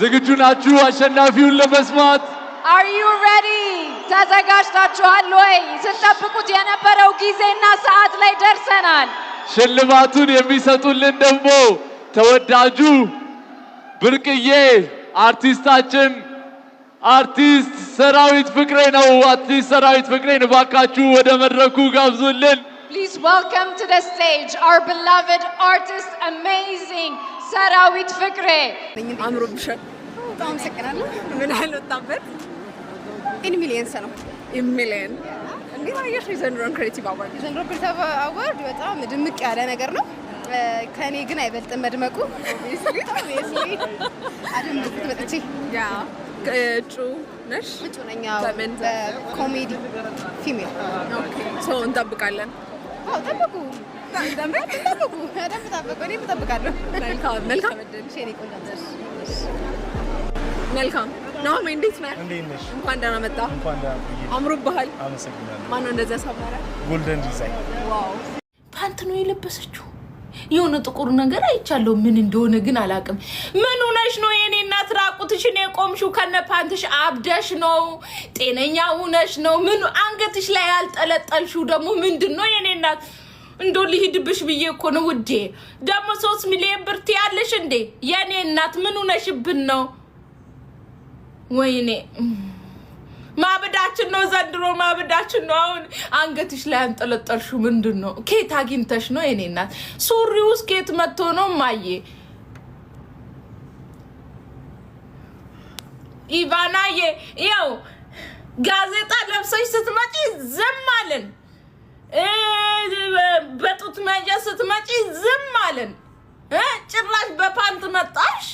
ዝግጁ ናችሁ? አሸናፊውን ለመስማት አር ዩ ሬዲ? ተዘጋጅታችኋል ወይ? ስንጠብቁት የነበረው ጊዜና ሰዓት ላይ ደርሰናል። ሽልማቱን የሚሰጡልን ደግሞ ተወዳጁ ብርቅዬ አርቲስታችን አርቲስት ሰራዊት ፍቅሬ ነው። አርቲስት ሰራዊት ፍቅሬን እባካችሁ ወደ መድረኩ ጋብዙልን። ፕሊዝ ዌልከም ቱ ዘ ስቴጅ አወር ቢሎቭድ አርቲስት አሜዚንግ ሰራዊት ፍቅሬ አምሮብሻል። በጣም አመሰግናለሁ። ምን ያህል ወጣበት? ኢን ሚሊየንስ ነው። ኢን ሚሊየን እንዴት አየሽ? የዘንድሮን ክሬቲቭ አዋርድ የዘንድሮ ክሬቲቭ አዋርድ በጣም ድምቅ ያለ ነገር ነው። ከእኔ ግን አይበልጥም መድመቁ አደመቁት መጥቼ እጩ ነሽ? እጩ ነኝ። በኮሜዲ ፊሜል እንጠብቃለን። ጠብቁ መልካም እንዴት ነህ? እንኳን ደህና አምሮብሃል። ማነው ያሳመረ? ጎልደን ዲዛይን ፓንት ነው የለበሰችው። የሆነ ጥቁር ነገር አይቻለሁ፣ ምን እንደሆነ ግን አላውቅም። ምን ሆነሽ ነው የኔ እናት? ራቁትሽን የቆምሽው ከነ ፓንትሽ አብደሽ ነው? ጤነኛ ሆነሽ ነው? ምን አንገትሽ ላይ ያልጠለጠልሽው ደግሞ ምንድን ነው የኔ እናት? እንዶ ሊሂድብሽ ብዬ እኮ ነው ውዴ። ደግሞ ሶስት ሚሊዮን ብር ትያለሽ እንዴ? የእኔ እናት ምን ነሽብን ነው? ወይኔ ማብዳችን ነው ዘንድሮ፣ ማብዳችን ነው። አሁን አንገትሽ ላይ አንጠለጠልሹ ምንድን ነው? ኬት አግኝተሽ ነው? የኔ እናት ሱሪ ውስጥ ኬት መጥቶ ነው ማየ ኢቫናዬ ያው ጋዜጣ ለብሰሽ ስትመጪ ዝም አልን። በጡት መያዣ ስትመጪ ዝም አልን። ጭራሽ በፓንት መጣሽ።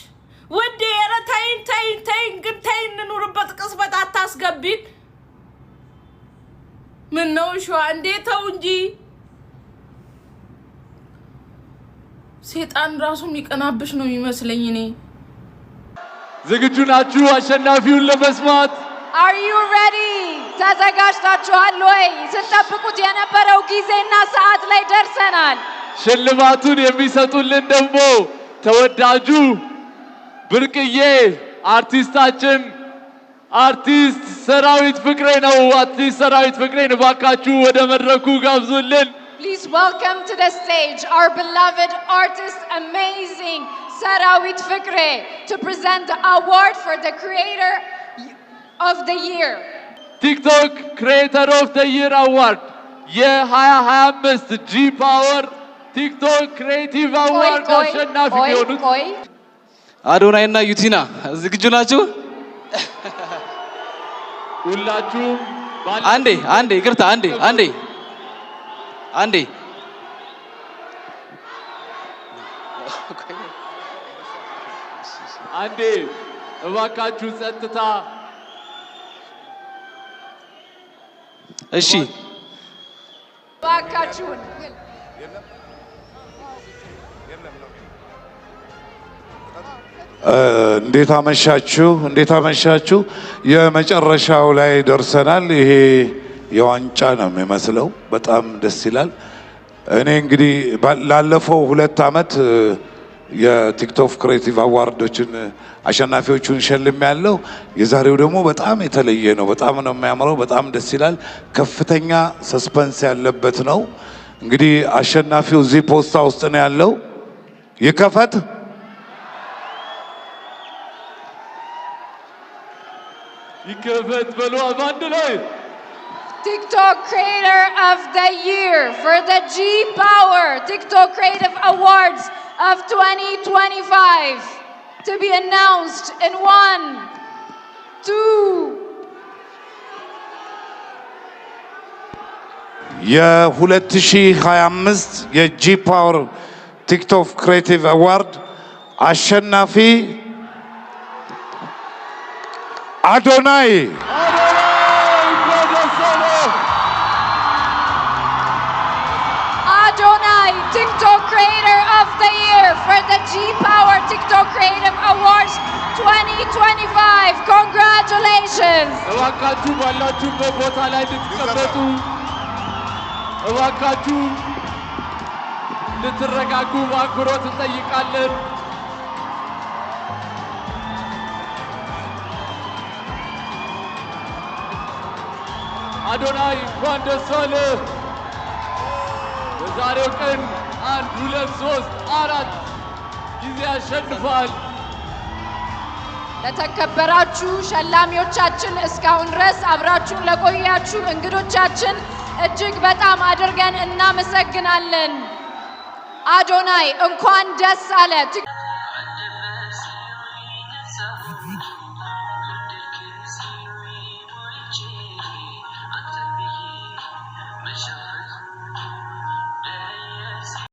ወደ የረ ተይን ተይን ተይን፣ ግን ተይን እንኑርበት ቅጽበት አታስገቢን። ምን ነው ሸዋ እንዴ? ተው እንጂ ሴጣን ራሱ የሚቀናብሽ ነው የሚመስለኝ እኔ። ዝግጁ ናችሁ አሸናፊውን ለመስማት? አር ዩ ረዲ? ተዘጋጅታችኋል ወይ? ስንጠብቁት የነበረው ጊዜና ሰዓት ላይ ደርሰናል። ሽልማቱን የሚሰጡልን ደግሞ ተወዳጁ ብርቅዬ አርቲስታችን አርቲስት ሰራዊት ፍቅሬ ነው። አርቲስት ሰራዊት ፍቅሬን እባካችሁ ወደ መድረኩ ጋብዙልን። Please welcome to the stage our beloved artist, amazing Sarawit Fikre, to present the award for the creator of the year. TikTok Creator of the Year Award. Yeah, I am Mr. G Power. TikTok Creative Award. na oi, oi, oi. አዶና እና ዩቲና ዝግጁ ናችሁ? ሁላችሁም አንዴ አንዴ ይቅርታ አንዴ አንዴ አንዴ አንዴ እባካችሁ ጸጥታ እሺ እንዴት አመሻችሁ፣ እንዴት አመሻችሁ። የመጨረሻው ላይ ደርሰናል። ይሄ የዋንጫ ነው የሚመስለው። በጣም ደስ ይላል። እኔ እንግዲህ ላለፈው ሁለት አመት ። የቲክቶክ ክሬቲቭ አዋርዶችን አሸናፊዎቹን ሸልም ያለው። የዛሬው ደግሞ በጣም የተለየ ነው። በጣም ነው የሚያምረው። በጣም ደስ ይላል። ከፍተኛ ሰስፐንስ ያለበት ነው። እንግዲህ አሸናፊው እዚህ ፖስታ ውስጥ ነው ያለው። ይከፈት ይከፈት በሉ አንድ ላይ TikTok Creator of the Year for the G Power TikTok Creative Awards of 2025 to be announced in one, two, የ2025 የጂ ፓወር ቲክቶክ ክሬቲቭ አዋርድ አሸናፊ አዶናይ አዶናይ ቲክቶክ Creator of the Year for the G Power TikTok Creative Awards 2025. Congratulations! ልትረጋጉ በአክብሮት እንጠይቃለን። አዶናይ እንኳን ደስ አለህ። በዛሬው ቀን አንድ ሁለት ሶስት አራት ጊዜ አሸንፏል። ለተከበራችሁ ሸላሚዎቻችን፣ እስካሁን ድረስ አብራችሁን ለቆያችሁ እንግዶቻችን እጅግ በጣም አድርገን እናመሰግናለን። አዶናይ እንኳን ደስ አለ።